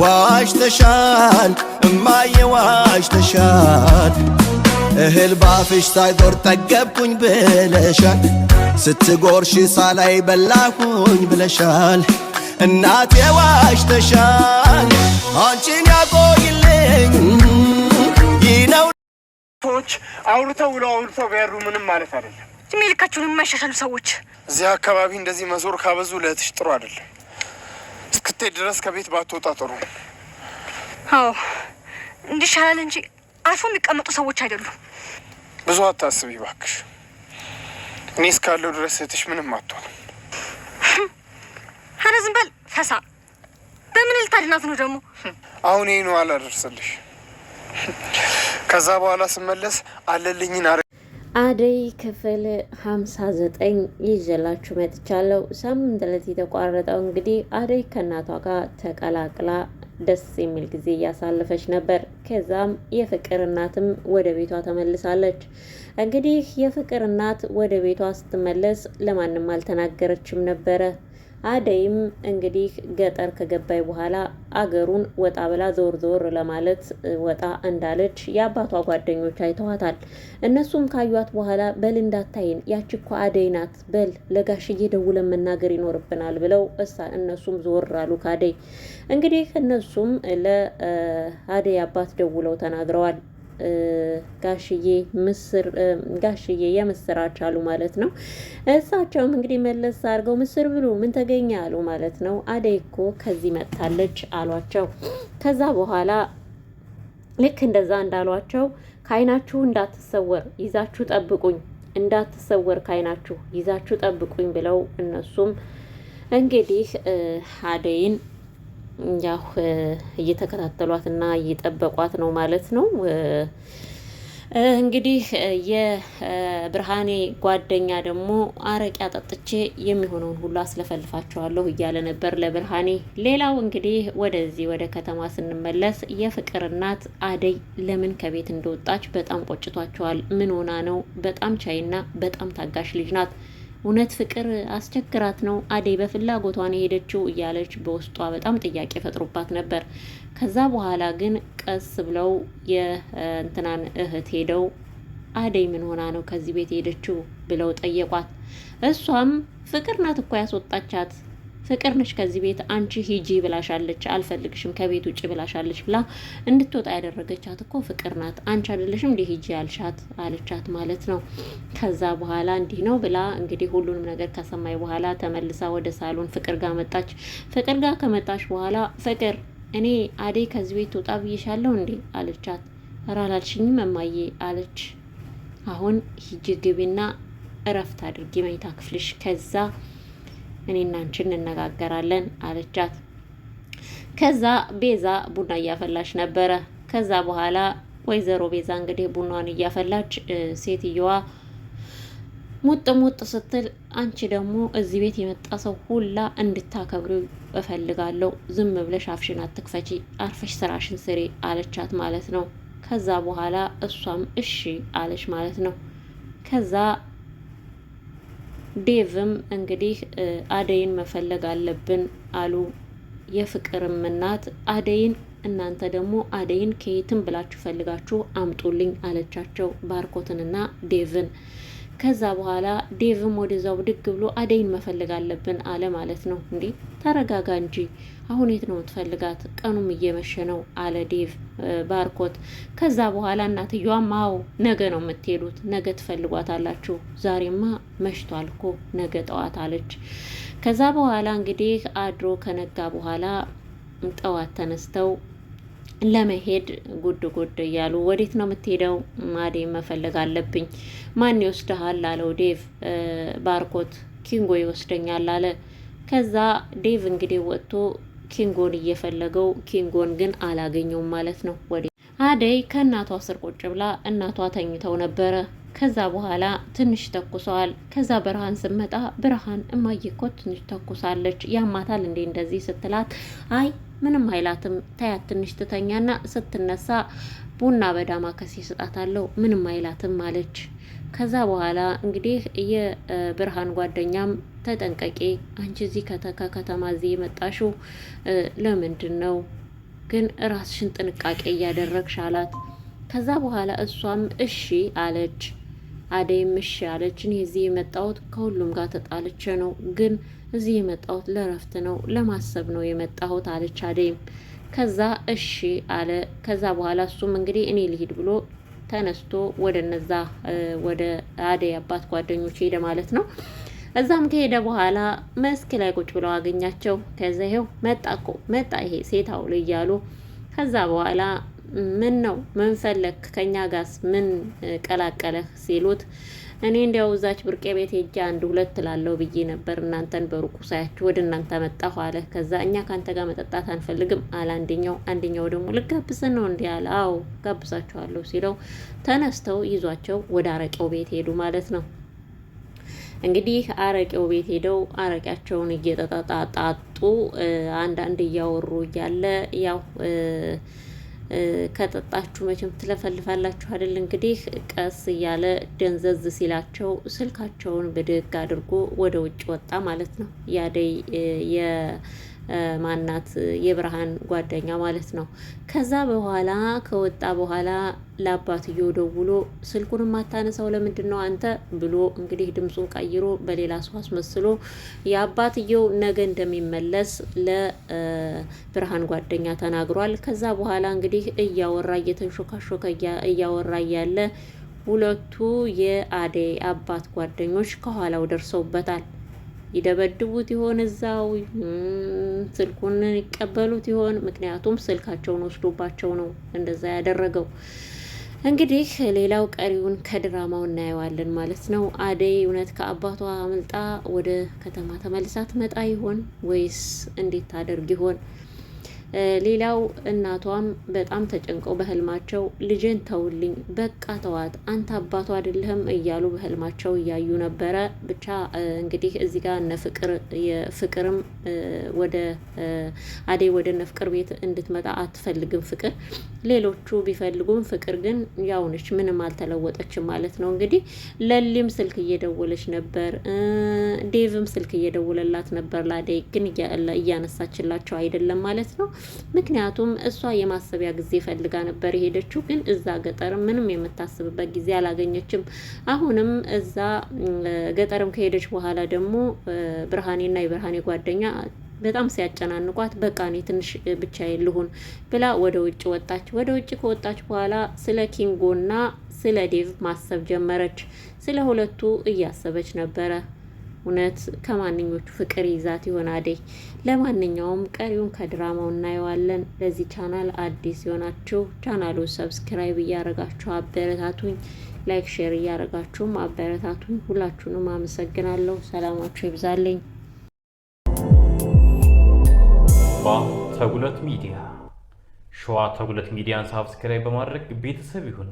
ዋሽተሻል እማዬ ዋሽተሻል እህል ባፍሽ ሳይዞር ጠገብኩኝ ብለሻል ስትጎርሽ ሳላይ በላኩኝ ብለሻል እናቴ ዋሽተሻል አንቺን ያቆይልኝ ይነው ሰዎች አውርተው ውለው አውርተው ቢያሩ ምንም ማለት አይደለም። እድሜ ልካችሁን የማይሻሻሉ ሰዎች እዚህ አካባቢ እንደዚህ መዞር ካበዙ ለእህትሽ ጥሩ አይደለም። እስክትሄድ ድረስ ከቤት ባትወጣ ጥሩ። አዎ እንዲሻላል እንጂ አልፎ የሚቀመጡ ሰዎች አይደሉም። ብዙ አታስቢ እባክሽ። እኔ እስካለሁ ድረስ እህትሽ ምንም አትሆንም። አረ ዝም በል ፈሳ። በምን ልታድናት ነው ደግሞ? አሁን ይህ አላደርስልሽ። ከዛ በኋላ ስመለስ አለልኝን አደይ ክፍል 59 ይዤላችሁ መጥቻለሁ። ሳምንት ዕለት የተቋረጠው እንግዲህ አደይ ከእናቷ ጋር ተቀላቅላ ደስ የሚል ጊዜ እያሳለፈች ነበር። ከዛም የፍቅር እናትም ወደ ቤቷ ተመልሳለች። እንግዲህ የፍቅር እናት ወደ ቤቷ ስትመለስ ለማንም አልተናገረችም ነበረ። አደይም እንግዲህ ገጠር ከገባይ በኋላ አገሩን ወጣ ብላ ዞር ዞር ለማለት ወጣ እንዳለች የአባቷ ጓደኞች አይተዋታል። እነሱም ካዩት በኋላ በል እንዳታይን ያቺ እኮ አደይ ናት፣ በል ለጋሽዬ ደውለን መናገር ይኖርብናል ብለው እሳ እነሱም ዞር አሉ ካደይ። እንግዲህ እነሱም ለአደይ አባት ደውለው ተናግረዋል። ጋሽዬ ምስር ጋሽዬ የምስራች አሉ ማለት ነው። እሳቸውም እንግዲህ መለስ አድርገው ምስር ብሉ ምን ተገኘ አሉ ማለት ነው። አደይ እኮ ከዚህ መጥታለች አሏቸው። ከዛ በኋላ ልክ እንደዛ እንዳሏቸው ከአይናችሁ እንዳትሰወር ይዛችሁ ጠብቁኝ፣ እንዳትሰወር ከአይናችሁ ይዛችሁ ጠብቁኝ ብለው እነሱም እንግዲህ አደይን ያው እየተከታተሏት እና እየጠበቋት ነው ማለት ነው። እንግዲህ የብርሃኔ ጓደኛ ደግሞ አረቄ አጠጥቼ የሚሆነውን ሁሉ አስለፈልፋቸዋለሁ እያለ ነበር ለብርሃኔ። ሌላው እንግዲህ ወደዚህ ወደ ከተማ ስንመለስ የፍቅር እናት አደይ ለምን ከቤት እንደወጣች በጣም ቆጭቷቸዋል። ምን ሆና ነው? በጣም ቻይና በጣም ታጋሽ ልጅ ናት። እውነት ፍቅር አስቸግራት ነው አደይ በፍላጎቷ ነው የሄደችው እያለች በውስጧ በጣም ጥያቄ ፈጥሮባት ነበር። ከዛ በኋላ ግን ቀስ ብለው የእንትናን እህት ሄደው አደይ ምን ሆና ነው ከዚህ ቤት ሄደችው ብለው ጠየቋት። እሷም ፍቅር ናት እኮ ያስወጣቻት ፍቅር ነች ከዚህ ቤት አንቺ ሂጂ ብላሻለች፣ አልፈልግሽም ከቤት ውጭ ብላሻለች ብላ እንድትወጣ ያደረገቻት እኮ ፍቅር ናት። አንቺ አይደለሽም እንዲህ ሂጂ አልሻት አለቻት ማለት ነው። ከዛ በኋላ እንዲህ ነው ብላ እንግዲህ ሁሉንም ነገር ከሰማይ በኋላ ተመልሳ ወደ ሳሎን ፍቅር ጋር መጣች። ፍቅር ጋር ከመጣች በኋላ ፍቅር እኔ አዴ ከዚህ ቤት ትውጣ ብዬሻለሁ እንዴ አለቻት። ራላልሽኝም አላልሽኝም እማዬ አለች። አሁን ሂጂ ግቢና እረፍት አድርጊ መኝታ ክፍልሽ ከዛ እኔና አንቺ እንነጋገራለን አለቻት። ከዛ ቤዛ ቡና እያፈላች ነበረ። ከዛ በኋላ ወይዘሮ ቤዛ እንግዲህ ቡናዋን እያፈላች ሴትየዋ ሙጥ ሙጥ ስትል አንቺ ደግሞ እዚህ ቤት የመጣ ሰው ሁላ እንድታከብሪው እፈልጋለሁ። ዝም ብለሽ አፍሽን አትክፈቺ፣ አርፈሽ ስራሽን ስሪ አለቻት ማለት ነው። ከዛ በኋላ እሷም እሺ አለች ማለት ነው። ከዛ ዴቭም እንግዲህ አደይን መፈለግ አለብን አሉ። የፍቅርም እናት አደይን እናንተ ደግሞ አደይን ከየትም ብላችሁ ፈልጋችሁ አምጡልኝ አለቻቸው ባርኮትንና ዴቭን። ከዛ በኋላ ዴቭም ወደዛው ብድግ ብሎ አደይን መፈለግ አለብን አለ ማለት ነው። እንዴ ተረጋጋ እንጂ አሁን የት ነው የምትፈልጋት? ቀኑም እየመሸ ነው አለ ዴቭ ባርኮት። ከዛ በኋላ እናትየዋም አዎ ነገ ነው የምትሄዱት፣ ነገ ትፈልጓታላችሁ፣ ዛሬማ መሽቷል እኮ ነገ ጠዋት አለች። ከዛ በኋላ እንግዲህ አድሮ ከነጋ በኋላ ጠዋት ተነስተው ለመሄድ ጉድ ጉድ እያሉ ወዴት ነው የምትሄደው? ማዴ መፈለግ አለብኝ። ማን ይወስደሃል አለው ዴቭ። ባርኮት ኪንጎ ይወስደኛል አለ። ከዛ ዴቭ እንግዲህ ወጥቶ ኪንጎን እየፈለገው ኪንጎን ግን አላገኘውም ማለት ነው። ወዴ አደይ ከእናቷ ስር ቁጭ ብላ እናቷ ተኝተው ነበረ። ከዛ በኋላ ትንሽ ተኩሰዋል። ከዛ ብርሃን ስመጣ ብርሃን እማዬ እኮ ትንሽ ተኩሳለች ያማታል እንዴ እንደዚህ ስትላት፣ አይ ምንም አይላትም ታያት ትንሽ ትተኛና ስትነሳ ቡና በዳማ ከሴ ስጣታለሁ ምንም አይላትም አለች። ከዛ በኋላ እንግዲህ የብርሃን ጓደኛም ተጠንቀቂ፣ አንቺ እዚህ ከከተማ እዚህ የመጣሽው ለምንድን ነው ግን ራስሽን ጥንቃቄ እያደረግሽ አላት። ከዛ በኋላ እሷም እሺ አለች። አደይም እሺ አለች። እኔ እዚህ የመጣሁት ከሁሉም ጋር ተጣልቼ ነው፣ ግን እዚህ የመጣሁት ለረፍት ነው፣ ለማሰብ ነው የመጣሁት አለች አደይም። ከዛ እሺ አለ። ከዛ በኋላ እሱም እንግዲህ እኔ ልሂድ ብሎ ተነስቶ ወደ እነዛ ወደ አደይ አባት ጓደኞች ሄደ ማለት ነው። እዛም ከሄደ በኋላ መስክ ላይ ቁጭ ብለው አገኛቸው። ከዛ ይሄው መጣ እኮ መጣ ይሄ ሴት አውል እያሉ ከዛ በኋላ ምን ነው ምን ፈለክ ከኛ ጋስ ምን ቀላቀለህ ሲሉት እኔ እንዲያው እዛች ብርቄ ቤት ሄጄ አንድ ሁለት ትላለው ብዬ ነበር እናንተን በሩቁ ሳያችሁ ወደ እናንተ መጣሁ አለ። ከዛ እኛ ከአንተ ጋር መጠጣት አንፈልግም አለ አንደኛው። አንደኛው ደግሞ ልጋብዝን ነው እንዲህ አለ። አዎ ጋብዛችኋለሁ ሲለው ተነስተው ይዟቸው ወደ አረቄው ቤት ሄዱ ማለት ነው። እንግዲህ አረቄው ቤት ሄደው አረቂያቸውን እየጠጣጣጡ አንዳንድ እያወሩ እያለ ያው ከጠጣችሁ መቼም ትለፈልፋላችሁ አይደል? እንግዲህ ቀስ እያለ ደንዘዝ ሲላቸው ስልካቸውን ብድግ አድርጎ ወደ ውጭ ወጣ ማለት ነው። ያደይ ማናት የብርሃን ጓደኛ ማለት ነው። ከዛ በኋላ ከወጣ በኋላ ለአባትየው ደውሎ ስልኩን ማታነሳው ለምንድን ነው አንተ ብሎ እንግዲህ ድምፁን ቀይሮ በሌላ ሰው አስመስሎ የአባትየው ነገ እንደሚመለስ ለብርሃን ጓደኛ ተናግሯል። ከዛ በኋላ እንግዲህ እያወራ እየተንሾካሾከ እያወራ እያለ ሁለቱ የአደይ አባት ጓደኞች ከኋላው ደርሰውበታል። ይደበድቡት ይሆን እዛው ስልኩን ይቀበሉት ይሆን? ምክንያቱም ስልካቸውን ወስዶባቸው ነው እንደዛ ያደረገው። እንግዲህ ሌላው ቀሪውን ከድራማው እናየዋለን ማለት ነው። አደይ እውነት ከአባቷ አምልጣ ወደ ከተማ ተመልሳ ትመጣ ይሆን ወይስ እንዴት ታደርግ ይሆን? ሌላው እናቷም በጣም ተጨንቀው በህልማቸው ልጄን ተውልኝ፣ በቃ ተዋት፣ አንተ አባቱ አይደለህም እያሉ በህልማቸው እያዩ ነበረ። ብቻ እንግዲህ እዚህ ጋር እነ ፍቅር ወደ አደይ ወደ እነ ፍቅር ቤት እንድትመጣ አትፈልግም ፍቅር ሌሎቹ ቢፈልጉም ፍቅር ግን ያውነች ምንም አልተለወጠችም ማለት ነው። እንግዲህ ለሊም ስልክ እየደወለች ነበር፣ ዴቭም ስልክ እየደወለላት ነበር። ላደይ ግን እያነሳችላቸው አይደለም ማለት ነው። ምክንያቱም እሷ የማሰቢያ ጊዜ ፈልጋ ነበር የሄደችው፣ ግን እዛ ገጠር ምንም የምታስብበት ጊዜ አላገኘችም። አሁንም እዛ ገጠርም ከሄደች በኋላ ደግሞ ብርሃኔና የብርሃኔ ጓደኛ በጣም ሲያጨናንቋት በቃ እኔ ትንሽ ብቻዬን ልሁን ብላ ወደ ውጭ ወጣች። ወደ ውጭ ከወጣች በኋላ ስለ ኪንጎና ስለ ዴቭ ማሰብ ጀመረች። ስለ ሁለቱ እያሰበች ነበረ። እውነት ከማንኞቹ ፍቅር ይዛት ይሆን አደይ? ለማንኛውም ቀሪውን ከድራማው እናየዋለን። ለዚህ ቻናል አዲስ የሆናችሁ ቻናሉ ሰብስክራይብ እያረጋችሁ አበረታቱኝ። ላይክ፣ ሼር እያረጋችሁም አበረታቱኝ። ሁላችሁንም አመሰግናለሁ። ሰላማችሁ ይብዛልኝ። ሸዋ ተጉለት ሚዲያ ሸዋ ተጉለት ሚዲያን ሳብስክራይብ በማድረግ ቤተሰብ ይሁኑ።